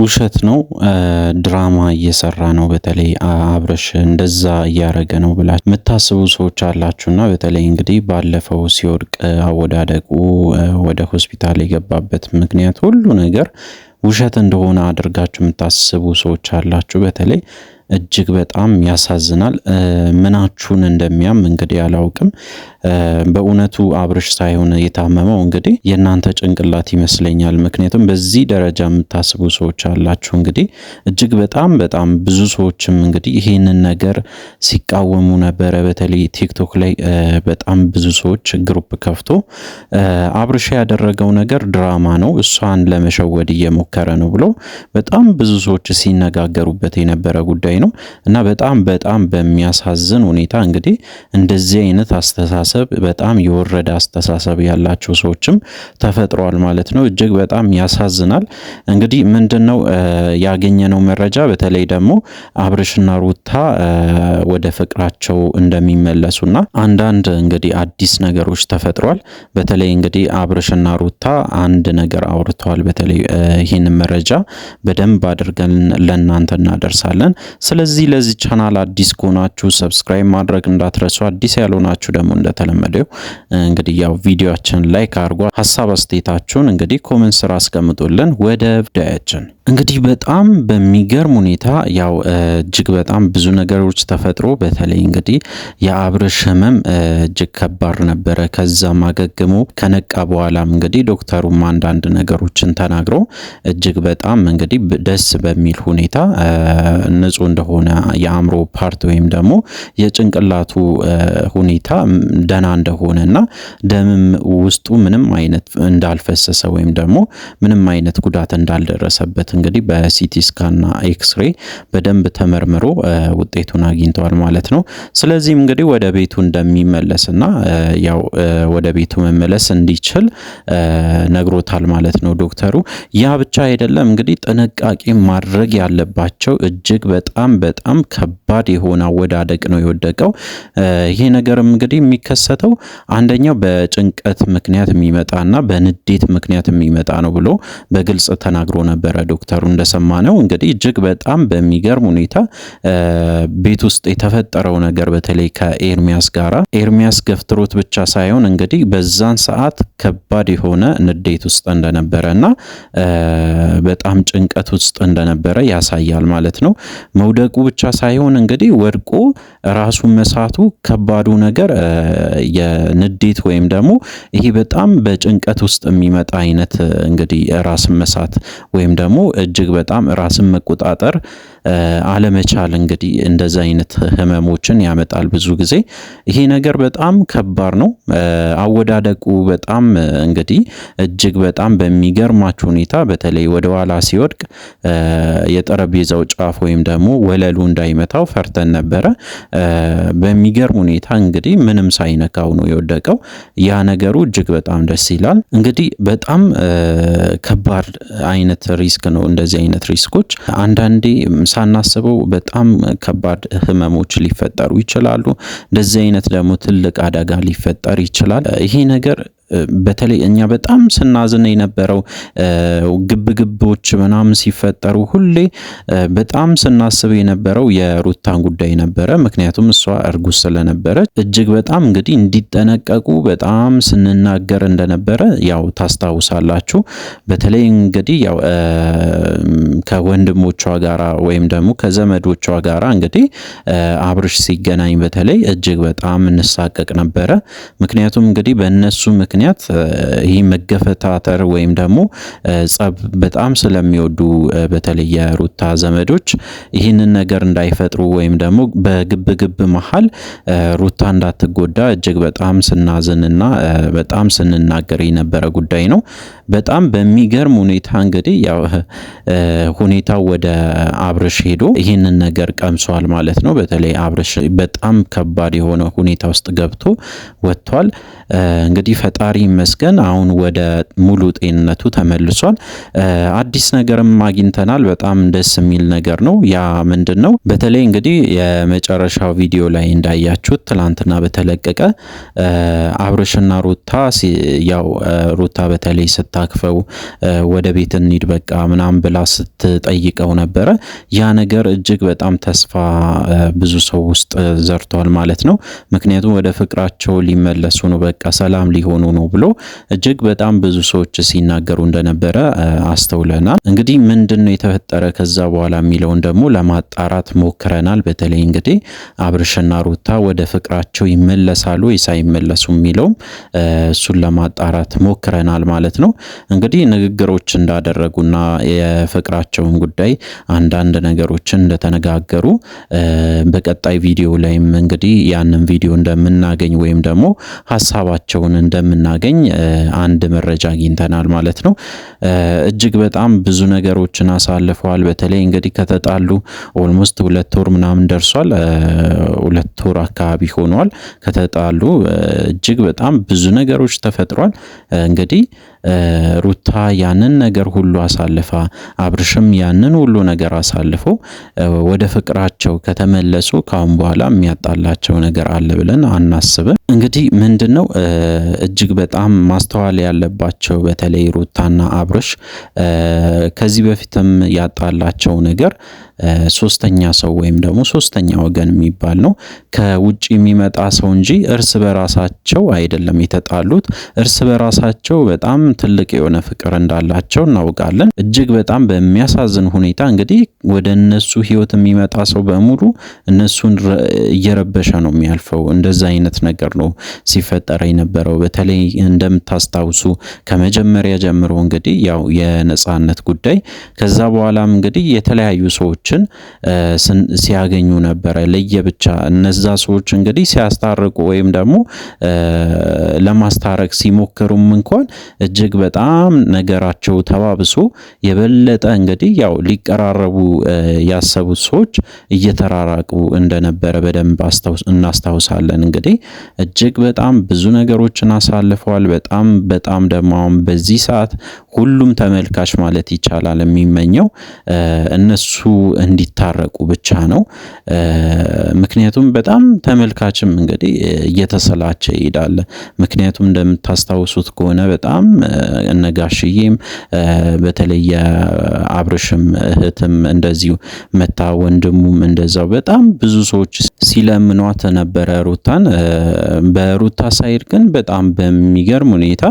ውሸት ነው፣ ድራማ እየሰራ ነው። በተለይ አብረሽ እንደዛ እያደረገ ነው ብላ የምታስቡ ሰዎች አላችሁና በተለይ እንግዲህ ባለፈው ሲወድቅ አወዳደቁ ወደ ሆስፒታል የገባበት ምክንያት ሁሉ ነገር ውሸት እንደሆነ አድርጋችሁ የምታስቡ ሰዎች አላችሁ በተለይ እጅግ በጣም ያሳዝናል። ምናችሁን እንደሚያም እንግዲህ አላውቅም። በእውነቱ አብርሽ ሳይሆን የታመመው እንግዲህ የእናንተ ጭንቅላት ይመስለኛል። ምክንያቱም በዚህ ደረጃ የምታስቡ ሰዎች አላችሁ። እንግዲህ እጅግ በጣም በጣም ብዙ ሰዎችም እንግዲህ ይሄንን ነገር ሲቃወሙ ነበረ። በተለይ ቲክቶክ ላይ በጣም ብዙ ሰዎች ግሩፕ ከፍቶ አብርሽ ያደረገው ነገር ድራማ ነው፣ እሷን ለመሸወድ እየሞከረ ነው ብሎ በጣም ብዙ ሰዎች ሲነጋገሩበት የነበረ ጉዳይ ጉዳይ ነው እና በጣም በጣም በሚያሳዝን ሁኔታ እንግዲህ እንደዚህ አይነት አስተሳሰብ በጣም የወረደ አስተሳሰብ ያላቸው ሰዎችም ተፈጥረዋል ማለት ነው። እጅግ በጣም ያሳዝናል። እንግዲህ ምንድን ነው ያገኘነው መረጃ በተለይ ደግሞ አብርሽና ሩታ ወደ ፍቅራቸው እንደሚመለሱና አንዳንድ እንግዲህ አዲስ ነገሮች ተፈጥሯል። በተለይ እንግዲህ አብርሽና ሩታ አንድ ነገር አውርተዋል። በተለይ ይህን መረጃ በደንብ አድርገን ለእናንተ እናደርሳለን። ስለዚህ ለዚህ ቻናል አዲስ ከሆናችሁ ሰብስክራይብ ማድረግ እንዳትረሱ። አዲስ ያልሆናችሁ ደግሞ እንደተለመደው እንግዲህ ያው ቪዲዮችን ላይክ አድርጓ፣ ሀሳብ አስተያየታችሁን እንግዲህ ኮሜንት ስራ አስቀምጡልን። ወደ ጉዳያችን እንግዲህ በጣም በሚገርም ሁኔታ ያው እጅግ በጣም ብዙ ነገሮች ተፈጥሮ በተለይ እንግዲህ የአብርሽ ህመም እጅግ ከባድ ነበረ። ከዛም አገግሞ ከነቃ በኋላም እንግዲህ ዶክተሩም አንዳንድ ነገሮችን ተናግሮ እጅግ በጣም እንግዲህ ደስ በሚል ሁኔታ ንጹህ እንደሆነ የአእምሮ ፓርት ወይም ደግሞ የጭንቅላቱ ሁኔታ ደና እንደሆነ እና ደምም ውስጡ ምንም አይነት እንዳልፈሰሰ ወይም ደግሞ ምንም አይነት ጉዳት እንዳልደረሰበት እንግዲህ በሲቲ ስካንና ኤክስሬ በደንብ ተመርምሮ ውጤቱን አግኝተዋል ማለት ነው። ስለዚህም እንግዲህ ወደ ቤቱ እንደሚመለስና ያው ወደ ቤቱ መመለስ እንዲችል ነግሮታል ማለት ነው ዶክተሩ። ያ ብቻ አይደለም እንግዲህ ጥንቃቄ ማድረግ ያለባቸው እጅግ በጣም በጣም በጣም ከባድ የሆነ አወዳደቅ ነው የወደቀው። ይህ ነገርም እንግዲህ የሚከሰተው አንደኛው በጭንቀት ምክንያት የሚመጣና በንዴት ምክንያት የሚመጣ ነው ብሎ በግልጽ ተናግሮ ነበረ ዶክተሩ። እንደሰማ ነው እንግዲህ እጅግ በጣም በሚገርም ሁኔታ ቤት ውስጥ የተፈጠረው ነገር በተለይ ከኤርሚያስ ጋራ ኤርሚያስ ገፍትሮት ብቻ ሳይሆን እንግዲህ በዛን ሰዓት ከባድ የሆነ ንዴት ውስጥ እንደነበረ እና በጣም ጭንቀት ውስጥ እንደነበረ ያሳያል ማለት ነው። መውደቁ ብቻ ሳይሆን እንግዲህ ወድቆ ራሱን መሳቱ ከባዱ ነገር የንዴት ወይም ደግሞ ይሄ በጣም በጭንቀት ውስጥ የሚመጣ አይነት እንግዲህ ራስን መሳት ወይም ደግሞ እጅግ በጣም ራስን መቆጣጠር አለመቻል እንግዲህ እንደዚህ አይነት ህመሞችን ያመጣል ብዙ ጊዜ። ይሄ ነገር በጣም ከባድ ነው። አወዳደቁ በጣም እንግዲህ እጅግ በጣም በሚገርማችሁ ሁኔታ በተለይ ወደ ኋላ ሲወድቅ የጠረጴዛው ጫፍ ወይም ደግሞ ወለሉ እንዳይመታው ፈርተን ነበረ። በሚገርም ሁኔታ እንግዲህ ምንም ሳይነካው ነው የወደቀው። ያ ነገሩ እጅግ በጣም ደስ ይላል። እንግዲህ በጣም ከባድ አይነት ሪስክ ነው እንደዚህ አይነት ሪስኮች አንዳንዴ ሳናስበው በጣም ከባድ ህመሞች ሊፈጠሩ ይችላሉ። እንደዚህ አይነት ደግሞ ትልቅ አደጋ ሊፈጠር ይችላል። ይሄ ነገር በተለይ እኛ በጣም ስናዝን የነበረው ግብግቦች ግቦች ምናምን ሲፈጠሩ ሁሌ በጣም ስናስብ የነበረው የሩታን ጉዳይ ነበረ። ምክንያቱም እሷ እርጉዝ ስለነበረች እጅግ በጣም እንግዲህ እንዲጠነቀቁ በጣም ስንናገር እንደነበረ ያው ታስታውሳላችሁ። በተለይ እንግዲህ ያው ከወንድሞቿ ጋራ ወይም ደግሞ ከዘመዶቿ ጋራ እንግዲህ አብርሽ ሲገናኝ በተለይ እጅግ በጣም እንሳቀቅ ነበረ። ምክንያቱም እንግዲህ በእነሱ ምክ ምክንያት ይህ መገፈታተር ወይም ደግሞ ጸብ በጣም ስለሚወዱ በተለይ የሩታ ዘመዶች ይህንን ነገር እንዳይፈጥሩ ወይም ደግሞ በግብግብ መሀል ሩታ እንዳትጎዳ እጅግ በጣም ስናዝንና በጣም ስንናገር የነበረ ጉዳይ ነው። በጣም በሚገርም ሁኔታ እንግዲህ ያው ሁኔታው ወደ አብርሽ ሄዶ ይህንን ነገር ቀምሷል ማለት ነው። በተለይ አብርሽ በጣም ከባድ የሆነ ሁኔታ ውስጥ ገብቶ ወጥቷል። እንግዲህ ፈጣሪ ይመስገን አሁን ወደ ሙሉ ጤንነቱ ተመልሷል። አዲስ ነገርም አግኝተናል። በጣም ደስ የሚል ነገር ነው። ያ ምንድን ነው? በተለይ እንግዲህ የመጨረሻው ቪዲዮ ላይ እንዳያችሁት ትላንትና በተለቀቀ አብርሽና ሩታ ያው ሩታ በተለይ ስታ አታክፈው ወደ ቤት እንሂድ በቃ ምናምን ብላ ስትጠይቀው ነበረ። ያ ነገር እጅግ በጣም ተስፋ ብዙ ሰው ውስጥ ዘርቷል ማለት ነው። ምክንያቱም ወደ ፍቅራቸው ሊመለሱ ነው፣ በቃ ሰላም ሊሆኑ ነው ብሎ እጅግ በጣም ብዙ ሰዎች ሲናገሩ እንደነበረ አስተውለናል። እንግዲህ ምንድን ነው የተፈጠረ ከዛ በኋላ የሚለውን ደግሞ ለማጣራት ሞክረናል። በተለይ እንግዲህ አብርሽና ሩታ ወደ ፍቅራቸው ይመለሳሉ ወይስ አይመለሱም የሚለውም እሱን ለማጣራት ሞክረናል ማለት ነው። እንግዲህ ንግግሮች እንዳደረጉና የፍቅራቸውን ጉዳይ አንዳንድ ነገሮችን እንደተነጋገሩ በቀጣይ ቪዲዮ ቪዲዮ ላይም እንግዲህ ያንን ቪዲዮ እንደምናገኝ ወይም ደግሞ ሀሳባቸውን እንደምናገኝ አንድ መረጃ አግኝተናል ማለት ነው። እጅግ በጣም ብዙ ነገሮችን አሳልፈዋል። በተለይ እንግዲህ ከተጣሉ ኦልሞስት ሁለት ወር ምናምን ደርሷል። ሁለት ወር አካባቢ ሆኗል ከተጣሉ። እጅግ በጣም ብዙ ነገሮች ተፈጥሯል። እንግዲህ ሩታ ያንን ነገር ሁሉ አሳልፋ አብርሽም ያንን ሁሉ ነገር አሳልፎ ወደ ፍቅራቸው ከተመለሱ ካሁን በኋላ በኋላ የሚያጣላቸው ነገር አለ ብለን አናስብም። እንግዲህ ምንድን ነው እጅግ በጣም ማስተዋል ያለባቸው በተለይ ሩታና አብርሽ ከዚህ በፊትም ያጣላቸው ነገር ሶስተኛ ሰው ወይም ደግሞ ሶስተኛ ወገን የሚባል ነው ከውጭ የሚመጣ ሰው እንጂ እርስ በራሳቸው አይደለም የተጣሉት። እርስ በራሳቸው በጣም ትልቅ የሆነ ፍቅር እንዳላቸው እናውቃለን። እጅግ በጣም በሚያሳዝን ሁኔታ እንግዲህ ወደ እነሱ ሕይወት የሚመጣ ሰው በሙሉ እነሱን እየረበሸ ነው የሚያልፈው። እንደዛ አይነት ነገር ነው ሲፈጠረ የነበረው። በተለይ እንደምታስታውሱ ከመጀመሪያ ጀምሮ እንግዲህ ያው የነጻነት ጉዳይ ከዛ በኋላም እንግዲህ የተለያዩ ሰዎችን ሲያገኙ ነበረ ለየብቻ። እነዛ ሰዎች እንግዲህ ሲያስታርቁ ወይም ደግሞ ለማስታረቅ ሲሞክሩም እንኳን እጅግ በጣም ነገራቸው ተባብሶ የበለጠ እንግዲህ ያው ሊቀራረቡ ያሰቡት ሰዎች እየተራራቁ እንደነበር እንደነበረ በደንብ እናስታውሳለን። እንግዲህ እጅግ በጣም ብዙ ነገሮችን አሳልፈዋል። በጣም በጣም ደግሞ አሁን በዚህ ሰዓት ሁሉም ተመልካች ማለት ይቻላል የሚመኘው እነሱ እንዲታረቁ ብቻ ነው። ምክንያቱም በጣም ተመልካችም እንግዲህ እየተሰላቸ ይሄዳል። ምክንያቱም እንደምታስታውሱት ከሆነ በጣም እነጋሽዬም በተለየ አብርሽም እህትም እንደዚሁ መታ ወንድሙም እንደዛው በጣም ብዙ ሰዎች ሲለምኗት ነበረ ሩታን። በሩታ ሳይድ ግን በጣም በሚገርም ሁኔታ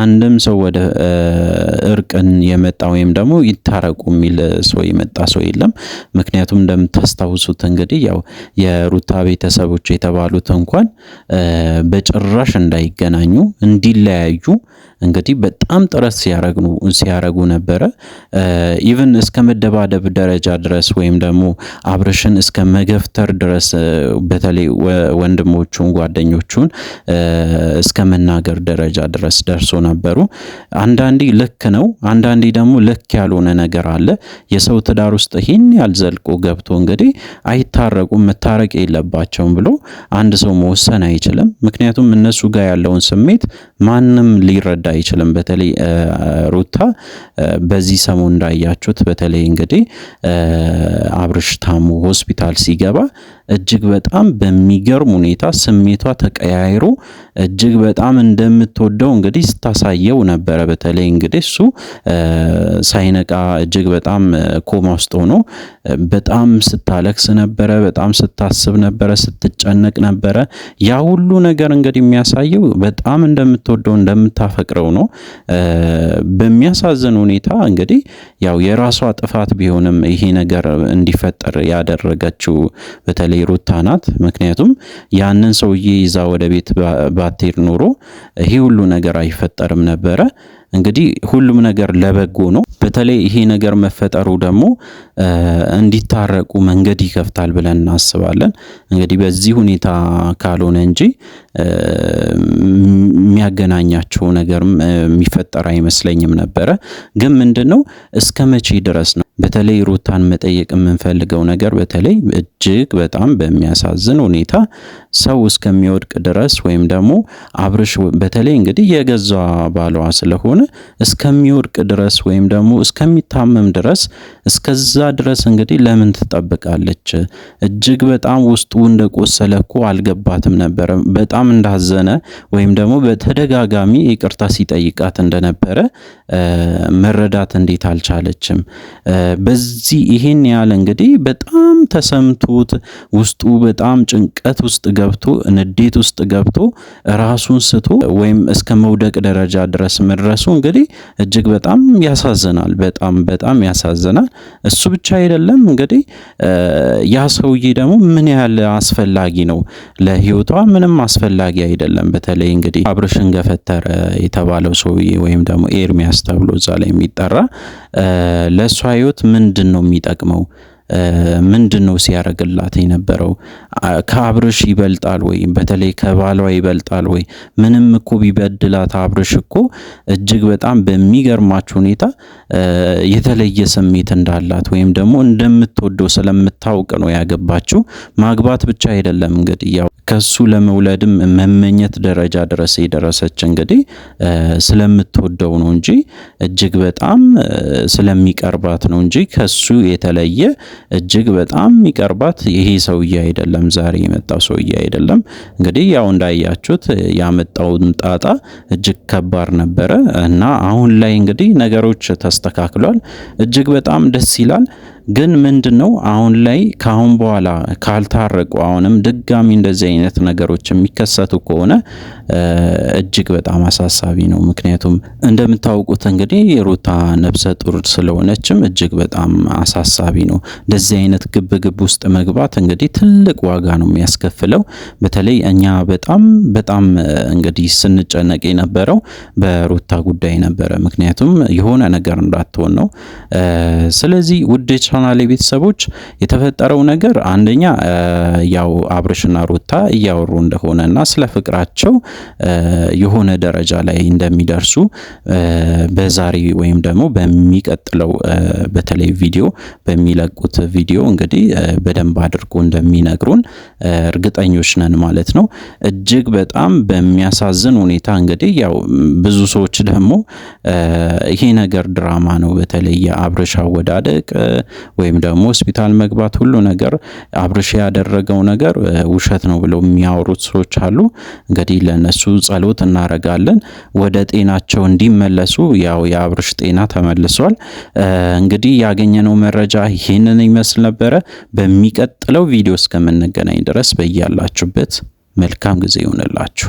አንድም ሰው ወደ እርቅን የመጣ ወይም ደግሞ ይታረቁ የሚል ሰው የመጣ ሰው የለም። ምክንያቱም እንደምታስታውሱት እንግዲህ ያው የሩታ ቤተሰቦች የተባሉት እንኳን በጭራሽ እንዳይገናኙ እንዲለያዩ እንግዲህ በጣም ጥረት ሲያረጉ ነበረ። ኢቨን እስከ መደባደብ ደረጃ ድረስ ወይም ደግሞ አብርሽን እስከ መገፍተር ድረስ በተለይ ወንድሞቹን ጓደኞቹን እስከ መናገር ደረጃ ድረስ ደርሶ ነበሩ። አንዳንዴ ልክ ነው፣ አንዳንዴ ደግሞ ልክ ያልሆነ ነገር አለ። የሰው ትዳር ውስጥ ይህን ያልዘልቆ ዘልቆ ገብቶ እንግዲህ አይታረቁም መታረቅ የለባቸውም ብሎ አንድ ሰው መወሰን አይችልም። ምክንያቱም እነሱ ጋር ያለውን ስሜት ማንም ሊረዳ አይችልም። በተለይ ሩታ በዚህ ሰሞን እንዳያችሁት በተለይ እንግዲህ አብርሽ ታሞ ሆስፒታል ሲገባ እጅግ በጣም በሚገርም ሁኔታ ስሜቷ ተቀያይሮ እጅግ በጣም እንደምትወደው እንግዲህ ስታሳየው ነበረ። በተለይ እንግዲህ እሱ ሳይነቃ እጅግ በጣም ኮማ ውስጥ ሆኖ በጣም ስታለቅስ ነበረ፣ በጣም ስታስብ ነበረ፣ ስትጨነቅ ነበረ። ያ ሁሉ ነገር እንግዲህ የሚያሳየው በጣም እንደምትወደው እንደምታፈቅረው ነው። በሚያሳዝን ሁኔታ እንግዲህ ያው የራሷ ጥፋት ቢሆንም ይሄ ነገር እንዲፈጠር ያደረገችው በተለይ ሩታ ናት። ምክንያቱም ያንን ሰውዬ ይዛ ወደ ቤት ባትሄድ ኖሮ ይሄ ሁሉ ነገር አይፈጠርም ነበረ። እንግዲህ ሁሉም ነገር ለበጎ ነው። በተለይ ይሄ ነገር መፈጠሩ ደግሞ እንዲታረቁ መንገድ ይከፍታል ብለን እናስባለን። እንግዲህ በዚህ ሁኔታ ካልሆነ እንጂ የሚያገናኛቸው ነገርም የሚፈጠር አይመስለኝም ነበረ። ግን ምንድን ነው እስከ መቼ ድረስ ነው በተለይ ሩታን መጠየቅ የምንፈልገው ነገር በተለይ እጅግ በጣም በሚያሳዝን ሁኔታ ሰው እስከሚወድቅ ድረስ ወይም ደግሞ አብርሽ በተለይ እንግዲህ የገዛ ባሏ ስለሆነ ስለሆነ እስከሚወድቅ ድረስ ወይም ደግሞ እስከሚታመም ድረስ እስከዛ ድረስ እንግዲህ ለምን ትጠብቃለች? እጅግ በጣም ውስጡ እንደቆሰለ እኮ አልገባትም ነበረ። በጣም እንዳዘነ ወይም ደግሞ በተደጋጋሚ ይቅርታ ሲጠይቃት እንደነበረ መረዳት እንዴት አልቻለችም? በዚህ ይሄን ያህል እንግዲህ በጣም ተሰምቶት ውስጡ በጣም ጭንቀት ውስጥ ገብቶ ንዴት ውስጥ ገብቶ ራሱን ስቶ ወይም እስከ መውደቅ ደረጃ ድረስ መድረሱ እንግዲህ እጅግ በጣም ያሳዝናል። በጣም በጣም ያሳዝናል። እሱ ብቻ አይደለም እንግዲህ ያ ሰውዬ ደግሞ ምን ያህል አስፈላጊ ነው ለህይወቷ፣ ምንም አስፈላጊ አይደለም። በተለይ እንግዲህ አብርሽን ገፈተረ የተባለው ሰውዬ ወይም ደግሞ ኤርሚያስ ተብሎ እዛ ላይ የሚጠራ ለእሷ ህይወት ምንድን ነው የሚጠቅመው? ምንድን ነው ሲያደርግላት የነበረው? ከአብርሽ ይበልጣል ወይ? በተለይ ከባሏ ይበልጣል ወይ? ምንም እኮ ቢበድላት አብርሽ እኮ እጅግ በጣም በሚገርማችሁ ሁኔታ የተለየ ስሜት እንዳላት ወይም ደግሞ እንደምትወደው ስለምታውቅ ነው ያገባችው። ማግባት ብቻ አይደለም እንግዲህ ያው ከሱ ለመውለድም መመኘት ደረጃ ድረስ የደረሰች እንግዲህ ስለምትወደው ነው እንጂ እጅግ በጣም ስለሚቀርባት ነው እንጂ ከሱ የተለየ እጅግ በጣም የሚቀርባት ይሄ ሰውዬ አይደለም፣ ዛሬ የመጣው ሰውዬ አይደለም። እንግዲህ ያው እንዳያችሁት ያመጣውን ጣጣ እጅግ ከባድ ነበረ እና አሁን ላይ እንግዲህ ነገሮች ተስተካክሏል። እጅግ በጣም ደስ ይላል። ግን ምንድን ነው አሁን ላይ ከአሁን በኋላ ካልታረቁ አሁንም ድጋሚ እንደዚህ አይነት ነገሮች የሚከሰቱ ከሆነ እጅግ በጣም አሳሳቢ ነው። ምክንያቱም እንደምታውቁት እንግዲህ የሩታ ነብሰ ጡር ስለሆነችም እጅግ በጣም አሳሳቢ ነው። እንደዚህ አይነት ግብ ግብ ውስጥ መግባት እንግዲህ ትልቅ ዋጋ ነው የሚያስከፍለው። በተለይ እኛ በጣም በጣም እንግዲህ ስንጨነቅ የነበረው በሩታ ጉዳይ ነበረ። ምክንያቱም የሆነ ነገር እንዳትሆን ነው። ስለዚህ ውድች ቻናል ቤተሰቦች የተፈጠረው ነገር አንደኛ ያው አብርሽና ሩታ እያወሩ እንደሆነ እና ስለ ፍቅራቸው የሆነ ደረጃ ላይ እንደሚደርሱ በዛሬ ወይም ደግሞ በሚቀጥለው በተለይ ቪዲዮ በሚለቁት ቪዲዮ እንግዲህ በደንብ አድርጎ እንደሚነግሩን እርግጠኞች ነን ማለት ነው። እጅግ በጣም በሚያሳዝን ሁኔታ እንግዲህ ያው ብዙ ሰዎች ደግሞ ይሄ ነገር ድራማ ነው በተለይ የአብርሽ አወዳደቅ ወይም ደግሞ ሆስፒታል መግባት ሁሉ ነገር አብርሽ ያደረገው ነገር ውሸት ነው ብለው የሚያወሩት ሰዎች አሉ። እንግዲህ ለነሱ ጸሎት እናረጋለን ወደ ጤናቸው እንዲመለሱ። ያው የአብርሽ ጤና ተመልሷል። እንግዲህ ያገኘነው መረጃ ይህንን ይመስል ነበረ። በሚቀጥለው ቪዲዮ እስከምንገናኝ ድረስ በያላችሁበት መልካም ጊዜ ይሁንላችሁ።